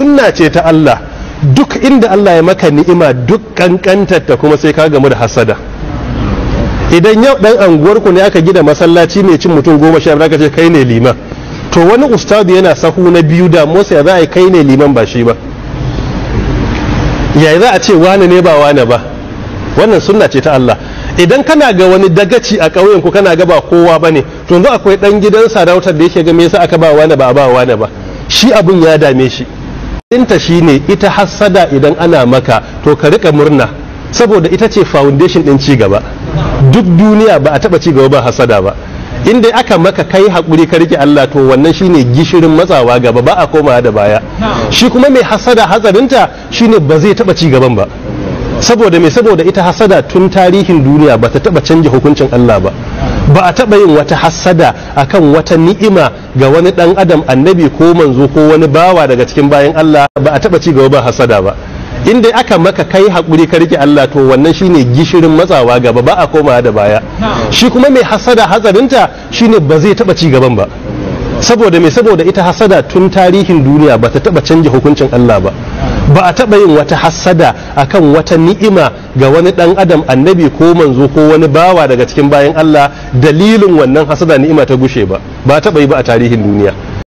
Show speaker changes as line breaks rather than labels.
sunna ce ta Allah duk inda Allah ya maka ni'ima duk ta kuma sai ka gamu da hasada idan yau dan anguwarku ne aka gida masallaci mai cin mutum goma sha biyar ce kai ne liman to wani ustadu yana sahu na biyu da mosa ya za a yi kai ne liman ba shi ba yayi za a ce wani ne ba wani ba wannan sunna ce ta Allah idan kana ga wani dagaci a ƙauyen ku kana ga ba kowa bane to yanzu akwai dan gidan sarautar da yake ga me yasa aka ba wani ba ba wani ba shi abun ya dame shi ɗinta shine ita hassada idan ana maka to ka riƙa murna saboda ita ce foundation ɗin cigaba duk duniya ba a taɓa cigaba ba hassada ba inda aka maka kai haƙuri ka riƙe Allah to wannan shine gishirin matsawa gaba ba a koma da baya shi kuma mai hassada hatsarinta shine ba zai taɓa cigaban ba saboda mai saboda ita hasada tun tarihin duniya ba ta taba canja hukuncin Allah ba ba a taba yin wata hasada akan wata ni'ima ga wani ɗan adam annabi ko manzo ko wani bawa daga cikin bayan Allah ba a taba ci gaba ba hasada ba Inda dai aka maka kai hakuri ka rike Allah to wannan shine gishirin matsawa gaba ba a komawa da baya shi kuma mai hasada hatsarinta shine ba zai taba ci gaban ba saboda mai saboda ita hasada tun tarihin duniya ba ta taba canja hukuncin Allah ba ba a taɓa yin wata hassada akan wata ni'ima ga wani ɗan adam annabi ko manzo ko wani bawa daga cikin bayan Allah dalilin wannan hassada ni'ima ta gushe ba ba a taɓa yi ba a tarihin duniya